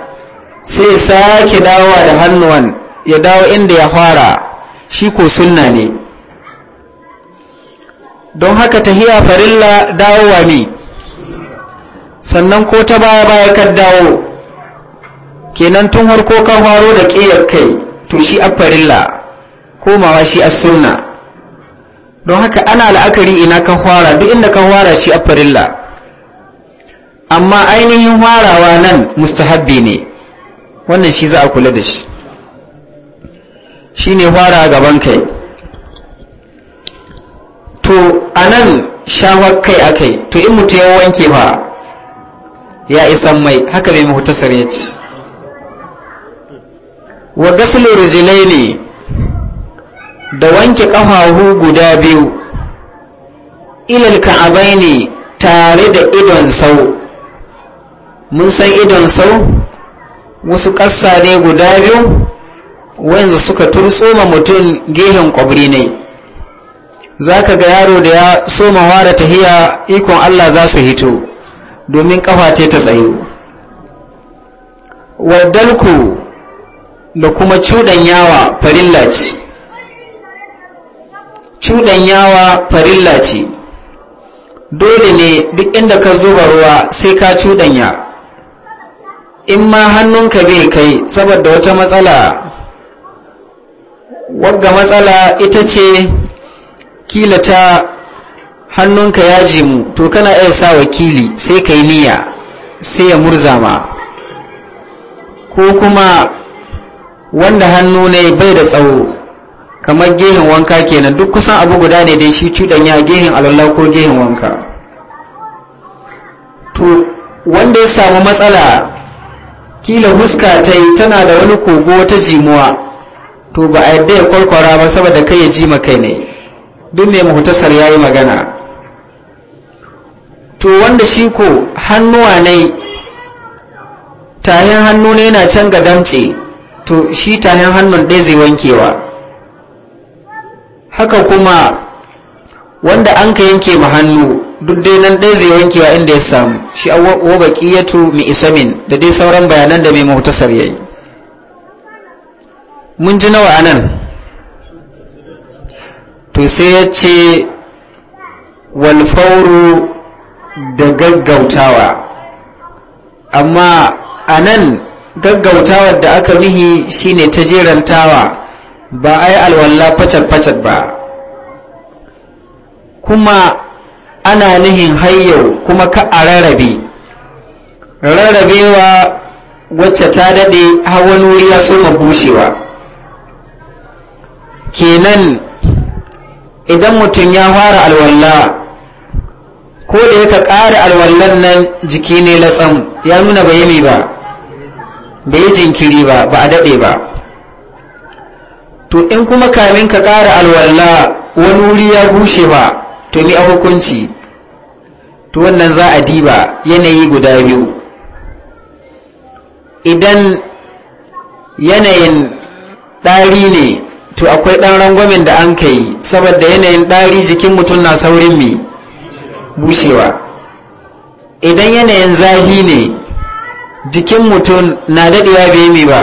sai sake dawowa da hannuwan ya dawo inda ya fara shi ko sunna ne don haka hiya farilla dawowa ne sannan ko ta baya baya kan dawo kenan tun harko kan faro da ƙiyar kai to shi a farilla komawa shi a suna don haka ana la'akari ina ka hwara duk inda ka hwara shi a farilla amma ainihin hwarawa nan mustahabbi ne wannan shi za a kula da shi shi ne hwara gaban kai to a nan shawar kai aka yi to in mutu ya wanke ba ya isan mai haka mai mahuta ya ci wa gaslo rijilai ne da wanke ƙafafu guda biyu ilal ka'abai ne tare da idon sau mun san idon sau wasu ƙasa ne guda biyu wanzu suka turso ma mutum gehen kwabri ne za ka ga yaro da ya so soma ware tahiya ikon Allah za su hito domin kafa ce ta tsayo waddalku da kuma yawa farilla ce yawa farilla ce dole ne duk inda ka zuba ruwa sai ka cuɗanya in ma hannunka bai kai saboda wata matsala wagga matsala ita ce kila ta hannunka ya jimu to kana iya sa wakili sai ka yi niyya sai ya murzama ko kuma wanda hannu ne bai da tsawo kamar gehen wanka kenan duk kusan abu guda ne dai shi ya gehen alalla ko gehen wanka to wanda ya samu matsala kila huska ta yi tana da wani kogo ta jimuwa to ba a yadda ya kwalkwara ba saboda kai ya ji kai ne duk mai mahutasar ya yi magana to wanda shi ko hannuwa ne tahin hannu ne yana can ga damce to shi tahin hannun ɗai zai wankewa haka kuma wanda an ka yanke ma hannu duk dai nan ɗai zai wankewa inda ya samu shi baƙi ya tu mai isamin da dai sauran bayanan da mai mahutasar ya yi mun ji nawa anan to sai ya ce walfauru da gaggautawa amma a nan gaggautawa da aka shi shine ta jerantawa ba a yi alwalla facal-facal ba kuma ana nihin hayyau kuma ka a rarrabe rarrabewa wacce ta daɗe hawan wuri ya soma bushewa kenan idan mutum ya fara alwalla ko da yaka ƙara alwallan nan jiki ne latsam ya nuna bai yi ba bai yi jinkiri ba ba a daɗe ba to in kuma kamin ka ƙara alwalla wani wuri ya bushe ba to ni a hukunci to wannan za a diba yanayi guda biyu idan yanayin ɗari ne to akwai ɗan rangwamen da an kai saboda yanayin ɗari jikin mutum na saurin mai bushewa idan yanayin zahi ne jikin mutum na daɗewa bai mai ba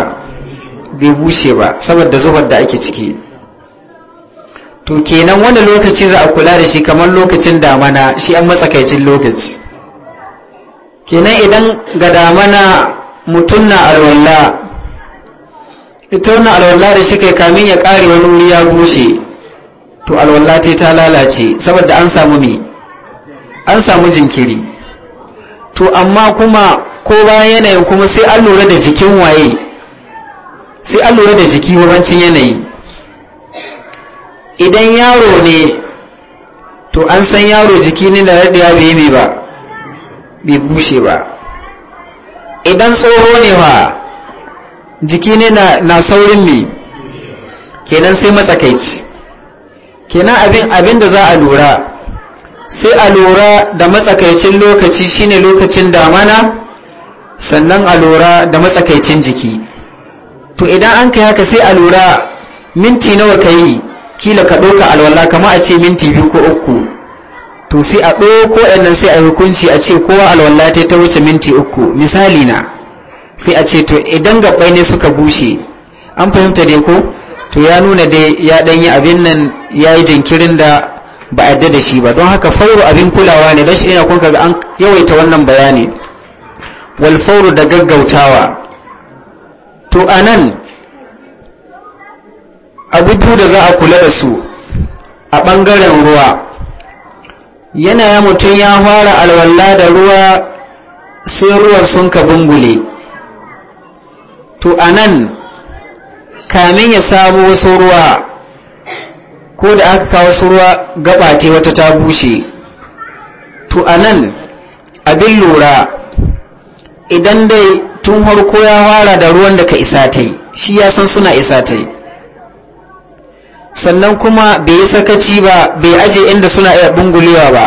bai bushe ba saboda zubar da ake ciki to kenan wani lokaci za a kula da shi kamar lokacin damana shi an matsakaicin lokaci kenan idan ga damana mutum na alwallah ita wannan alwala da shi kai kamin ya kare wani wuri ya bushe to alwala ce ta lalace saboda an samu me an samu jinkiri to amma kuma ko bayan yanayin kuma sai an lura da jikin waye sai an lura da jiki wabancin yanayi idan yaro ne to an san yaro jiki ne da raɗewa bai yi ba bai bushe ba idan tsoho ne ba jiki ne na saurin me kenan sai matsakaici kenan abin abin da za a lura sai a lura da matsakaicin lokaci shine lokacin damana sannan a lura da matsakaicin jiki to idan an kai haka sai a lura minti nawa ka yi kila ka ɗauka alwala kama a ce minti biyu ko uku to sai a ɗauko ɗannan sai a hukunci a ce kowa alwala ta wuce minti uku misali na sai a ce to idan gabbai ne suka bushe an fahimta dai ko to ya nuna dai ya dan yi abin nan ya yi jinkirin da ba a yadda da shi ba don haka fauru abin kulawa ne don shi ina kun kaga an yawaita wannan bayani wal fauru da gaggautawa to anan abu biyu da za a kula da su a ɓangaren ruwa yana ya mutum ya fara alwala da ruwa sai ruwan sun ka bungule to a nan kamin ya samu wasu ruwa ko da aka kawo wasu ruwa gaba wata ta bushe to a nan abin lura idan dai tun harko ya fara da ruwan da ka isa ta shi ya san suna isa ta sannan kuma bai yi sakaci ba bai aje inda suna iya bungulewa ba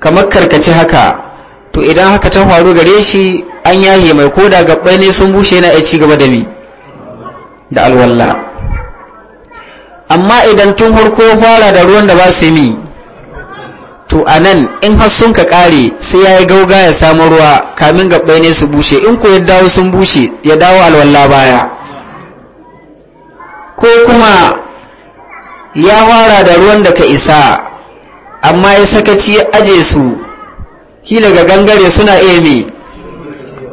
kamar karkaci haka to idan haka ta faru gare shi an yahe mai ko da gabbai ne sun bushe yana iya ci gaba da mi da alwalla amma idan tun harko fara da ruwan da ba su mi to a nan in har sun ka kare sai ya yi gauga ya samu ruwa kamin gabbai ne su bushe in ko ya dawo sun bushe ya dawo alwalla baya ko kuma ya fara da ruwan da ka isa amma ya sakaci ya aje su hila ga gangare suna iya mai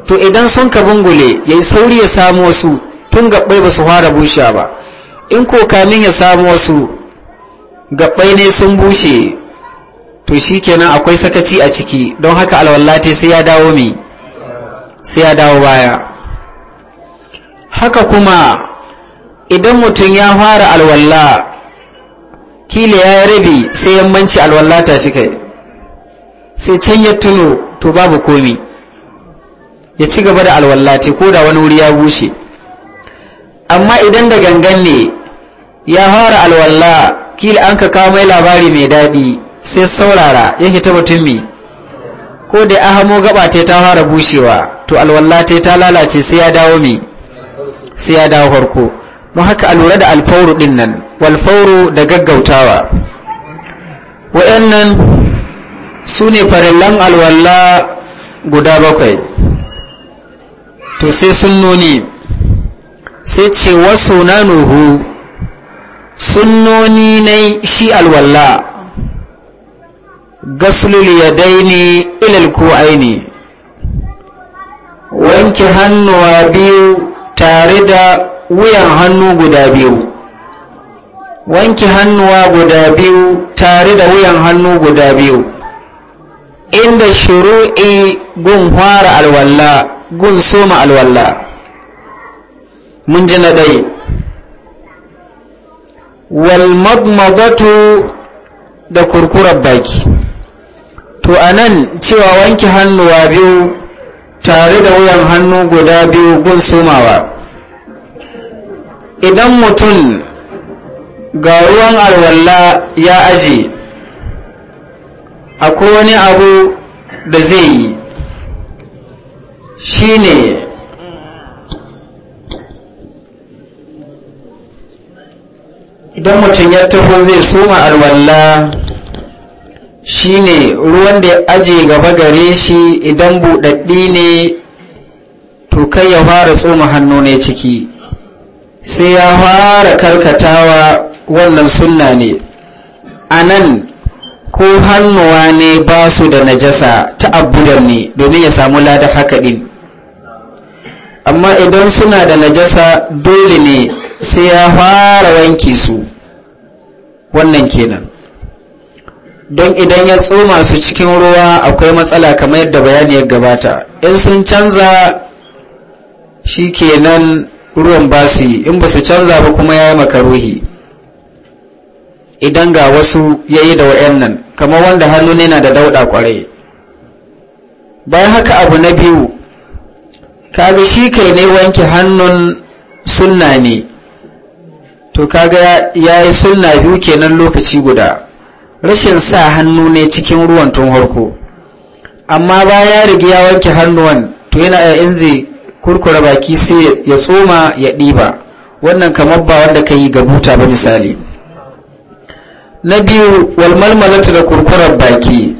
to idan sun ka bungule ya yi sauri ya samu wasu tun gabbai ba su fara bushe ba in ko kamin ya samu wasu gabbai ne sun bushe to shi kenan akwai sakaci a ciki don haka alwallate sai ya dawo mai sai ya dawo baya haka kuma idan mutum ya fara alwalla kila ya yi rabi sai yammanci alwallata shi kai sai can ya tuno to babu komi ya ci gaba da alwallati ko da wani wuri ya bushe amma idan da gangan ne ya fara alwalla kila an ka kawo mai labari mai daɗi sai saurara ya hita mutumi ko da ya hamo gaba ta ta fara bushewa to alwalla ta lalace sai ya dawo mi sai ya dawo farko mu haka alura da alfauru ɗin nan walfauru da gaggautawa waɗannan su ne farillan alwalla guda bakwai to sai sunnoni sai ce wasu na nuhu sunnoni na shi alwalla gasluli yadaini ilal ku'aini wanke hannuwa biyu tare da wuyan hannu guda biyu wanke hannuwa guda biyu tare da wuyan hannu guda biyu inda shuru'i gun fara alwalla gun soma alwalla mun ji na ɗai walmadmadatu da kurkurar baki to a nan cewa wanke hannuwa biyu tare da wuyan hannu guda biyu gun somawa idan mutum ga ruwan alwalla ya aje akwai wani abu da zai yi ne idan mutum ya taho zai suma shi ne ruwan da ya aje gaba gare shi idan buɗaɗɗi ne to kai ya fara tsoma hannu ne ciki sai ya fara karkatawa wannan sunna ne a nan ko hannuwa ne ba su da najasa ta da ne domin ya samu lada haka ɗin amma idan suna da najasa dole ne sai ya fara wanke su wannan kenan don idan ya tsoma su cikin ruwa akwai matsala kamar yadda bayani ya gabata in sun canza shi kenan ruwan ba su yi in ba su canza ba kuma ya yi makaruhi idan ga wasu ya yi da wa'yan nan kamar wanda hannu ne na da dauɗa kwarai bayan haka abu na biyu kaga shi kai ne wanke hannun sunna ne to kaga ya yi sunna biyu kenan lokaci guda rashin sa hannu ne cikin ruwan tun harko amma baya ya riga ya wanke hannuwan to yana a inzi kurkura baki sai ya tsoma ya ɗiba wannan kamar ba wanda ka yi ga buta ba misali na biyu walmalmalata da kurkurar baki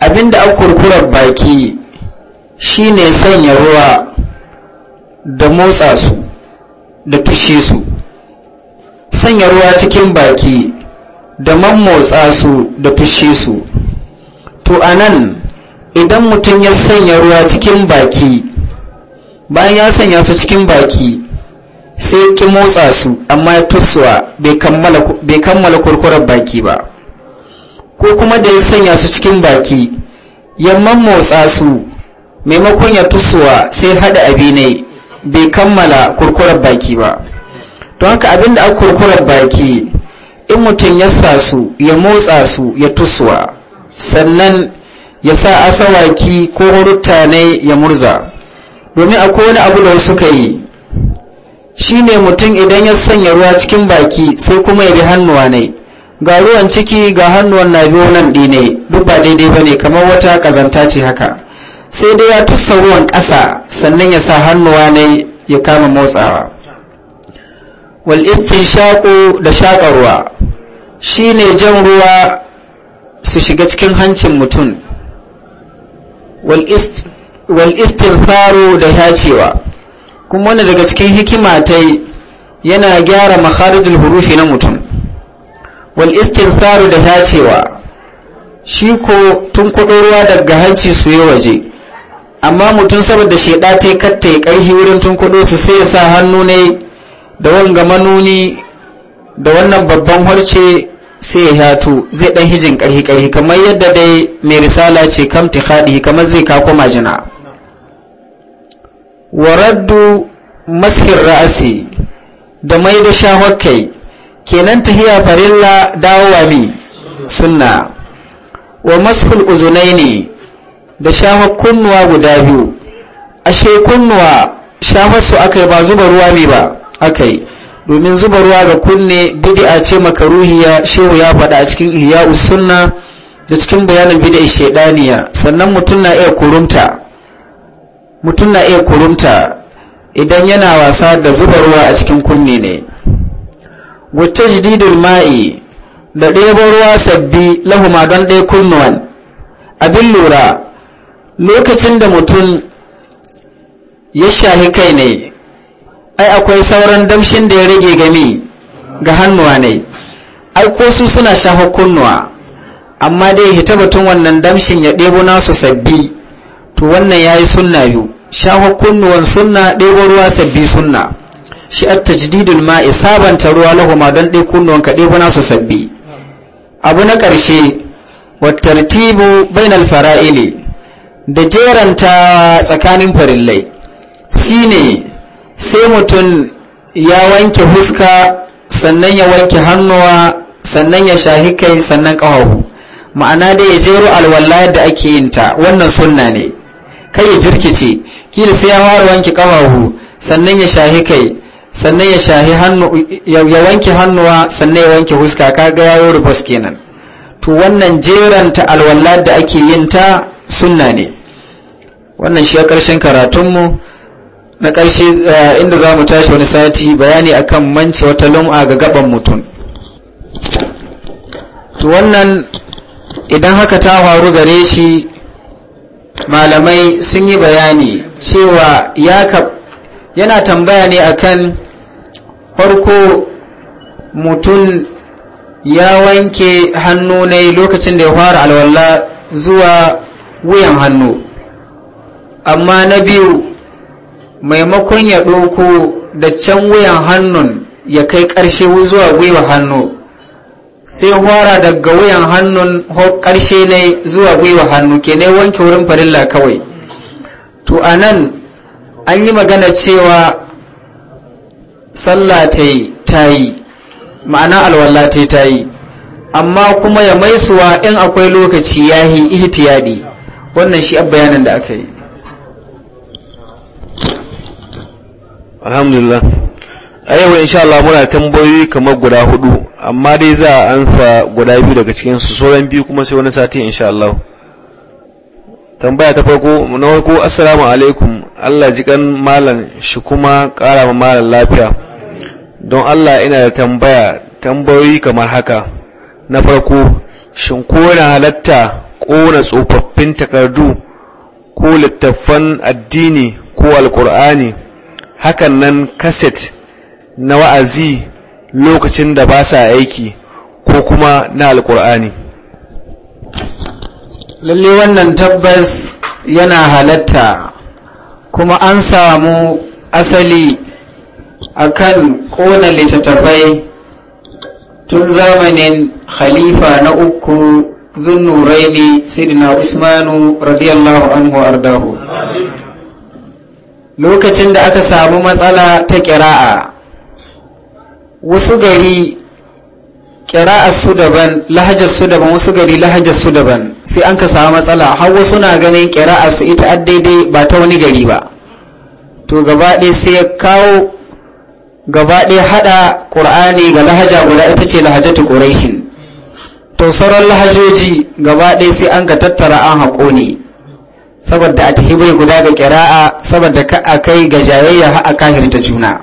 abinda a kurkurar baki shi ne sanya ruwa da motsa su da tushe su sanya ruwa cikin baki da mammotsa su da tushe su to a nan idan mutum ya sanya ruwa cikin baki bayan ya sanya su cikin baki sai ki motsa su amma ya tusuwa bai kammala kurkurar baki ba ko kuma da ya sanya su cikin baki ya mammotsa su maimakon ya tusuwa sai hada abi ne bai kammala kurkurar baki ba don haka abin da aka kurkurar baki in mutum ya sa su ya motsa su ya tusuwa sannan ya sa asawaki ko hurutta ne ya murza domin akwai wani abu da wasu ka yi shi ne mutum idan ya sanya ruwa cikin baki sai kuma ya bi hannuwa ne ga ruwan ciki ga hannuwan na biyu nan ɗine duk ba daidai ba ne kamar wata ƙazanta ce haka sai dai ya tusa ruwan ƙasa sannan ya sa hannuwa ne ya kama motsawa wal shaƙo da shaƙa ruwa ne jan ruwa su shiga cikin hancin mutum wal tsaro da yacewa kuma wani daga cikin hikima ta yana gyara makharijul hurufi na mutum wal tsaro da yacewa shi ko tun kuɗo ruwa daga hanci su yi waje amma mutum saboda sheda ta katta ya karhi wurin tun kudo su sai ya sa hannu ne da wanga manuni da wannan babban harce sai ya hato zai dan hijin karhi karhi kamar yadda dai mai risala ce kam tihadi kamar zai kako majina waraddu maskin ra'asi da mai da shahwar kai kenan tahiya farilla dawowa mi sunna wa maskul uzunai ne da shafar kunnuwa guda biyu ashe kunnuwa shafar su aka yi ba zuba ruwa ne ba aka yi domin zuba ruwa ga kunne bid'a ce makaruhiya shehu ya faɗa a cikin ihya usunna da cikin bayanin bid'a shaidaniya sannan mutum na iya kurumta mutum na iya kurumta idan yana wasa da zuba ruwa a cikin kunne ne wacce jididul ma'i da ɗebo ruwa sabbi lahuma don ɗaya kunnuwan abin lura lokacin da mutum ya shahi kai ne ai akwai sauran damshin da ya rage gami ga hannuwa ne ai ko su suna shafa kunnuwa amma dai hita batun wannan damshin ya ɗebo nasu sabbi to wannan ya yi sunna biyu shafa kunnuwan sunna ɗebo ruwa sabbi sunna shi at tajdidul ma'i sabanta ruwa lahuma don ɗe kunnuwan ka ɗebo nasu sabbi abu na ƙarshe wa tartibu bainal fara'ili da jeranta tsakanin farillai shine sai mutum ya wanke fuska sannan ya wanke hannuwa sannan ya shahi kai sannan ƙahahu ma'ana dai ya jero alwallah da ake yin ta wannan sunna ne kai ya jirkice kila sai ya fara wanke ƙahahu sannan ya shahi kai sannan ya shahi hannu ya wanke hannuwa sannan ya wanke fuska kaga ya yi rufus kenan to wannan jeranta alwallah da ake yin ta sunna ne wannan shi ya karshen karatunmu na karshe eh, inda za mu tashi wani sati bayani akan mance wata lum'a ga gaban mutum wannan idan haka ta faru gare shi malamai sun yi bayani cewa yana tambaya ne akan farko mutum ya wanke hannu ne lokacin da ya fara alwala zuwa wuyan hannu amma na biyu maimakon ya ɗauko da can wuyan hannun ya kai ƙarshe zuwa gwiwa hannu sai hwara daga wuyan hannun ƙarshe ne zuwa gwiwa hannu ke ne wanke wurin farilla kawai to a nan an yi magana cewa sallah ta yi ma'ana alwallah ta yi amma kuma ya maisuwa in akwai lokaci ya yi ihtiyadi wannan shi bayanin da aka yi alhamdulillah a yau insha Allah muna tambayoyi kamar guda hudu amma dai za a ansa guda biyu daga cikin su sauran biyu kuma sai wani sati insha Allah tambaya ta farko na farko assalamu alaikum Allah ji malam shi kuma kara ma malam lafiya don Allah ina da tambaya tambayoyi kamar haka na farko shin ko yana halatta kona tsofaffin takardu ko littattafan addini ko alkur'ani hakan nan kaset na wa'azi lokacin da ba sa aiki ko kuma na alkur'ani lalle wannan tabbas yana halatta kuma an samu asali a kan kona littattafai tun zamanin khalifa na uku zunnuraini sidina usmanu radiyallahu anhu ardahu lokacin da aka samu matsala ta ƙira'a wasu gari kira'a su daban lahajar su daban wasu gari lahajar su daban sai an ka samu matsala har wasu na ganin kira'a su ita daidai ba ta wani gari ba to gaba ɗaya sai ya kawo gaba ɗaya haɗa ƙura'ani ga lahaja guda ita ce lahajatu ƙuraishin to sauran lahajoji gaba ɗaya sai an ka tattara an haƙo ne saboda a tahibai guda ga kira'a saboda ka a kai ga jayayya a kahirta juna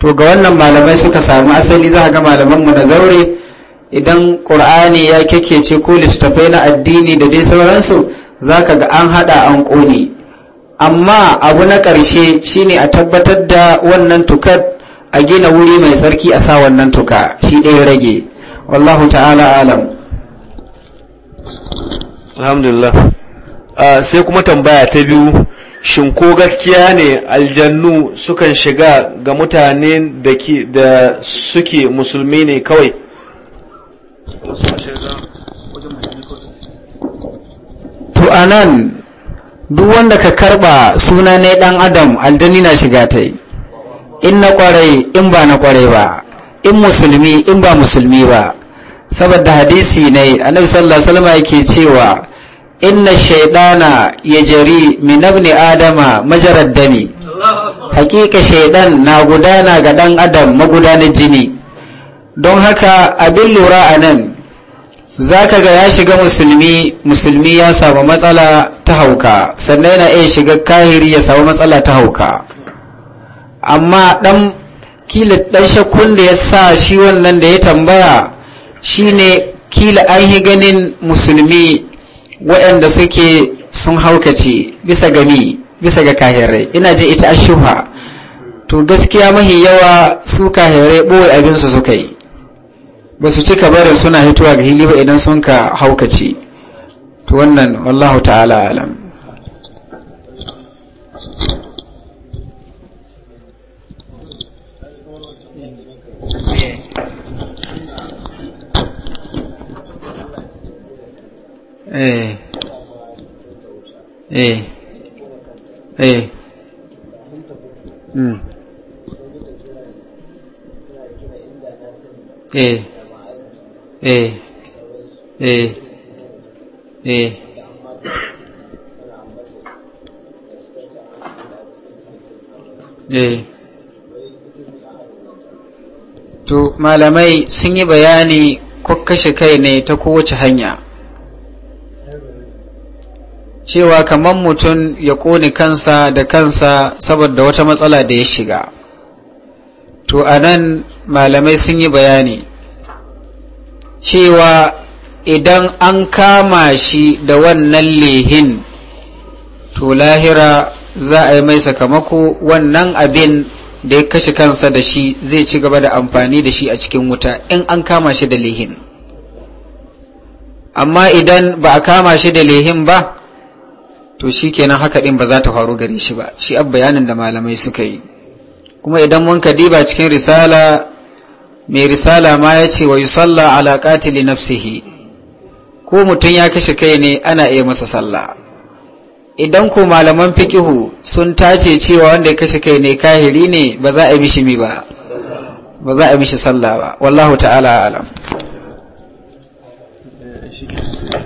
to ga wannan malamai suka samu asali za a ga malamanmu na zaure idan ƙur'ani ya ce ko littattafai na addini da dai sauransu za ka ga an haɗa an ƙone amma abu na ƙarshe shine a tabbatar da wannan tukar a gina wuri mai tsarki a sa wannan tuka shi ɗaya rage wallahu ta'ala alam alhamdulillah Ah, sai kuma tambaya ta biyu shin ko gaskiya ne aljannu sukan shiga ga mutane da suke musulmi ne kawai to anan duk wanda ka karba suna ne dan adam aljanni na shiga ta yi in na kwarai in ba na kwarai ba in musulmi in ba musulmi ba saboda hadisi ne annabi sallallahu alaihi wasallam yake cewa inna shaidana ya jari minabni adama majarar dami hakika shaidan na gudana ga dan adam magudanar jini don haka abin lura a nan za ka ga ya shiga musulmi musulmi ya samu matsala ta hauka sannan yana iya shiga kahiri ya samu matsala ta hauka amma dan kila dan shakkun da ya sa shi wannan da ya tambaya shine kila an yi ganin musulmi waɗanda suke sun haukaci bisa gami bisa ga kahere ina ji ita ashuha to gaskiya mahi yawa su kahere ɓoye abinsu suka yi ba su cika barin suna hituwa ga hili ba idan sun ka haukaci to wannan wallahu ta'ala alam Eh. Eh. Eh. Hmm. to malamai sun yi bayani ko kashe kai ne ta kowace hanya cewa kamar mutum ya ƙone kansa da kansa saboda wata matsala da ya shiga to a nan malamai sun yi bayani cewa idan an kama shi da wannan lehin to lahira za a yi mai sakamako wannan abin da ya kashe kansa da shi zai ci gaba da amfani da shi a cikin wuta in an kama shi da lehin amma idan ba a kama shi da lehin ba to shi kenan haka ɗin ba za ta faru gare shi ba shi ab bayanin da malamai suka yi kuma idan mun kadiba cikin risala mai risala ma ya ce wa sallah ala qatili nafsihi ko mutum ya kashe kai ne ana iya masa sallah idan ko malaman fiqihu sun tace cewa wanda ya kashe kai ne kahiri ne ba za a yi mishi mi ba ba za a yi mishi sallah ba wallahu ta'ala alam eh,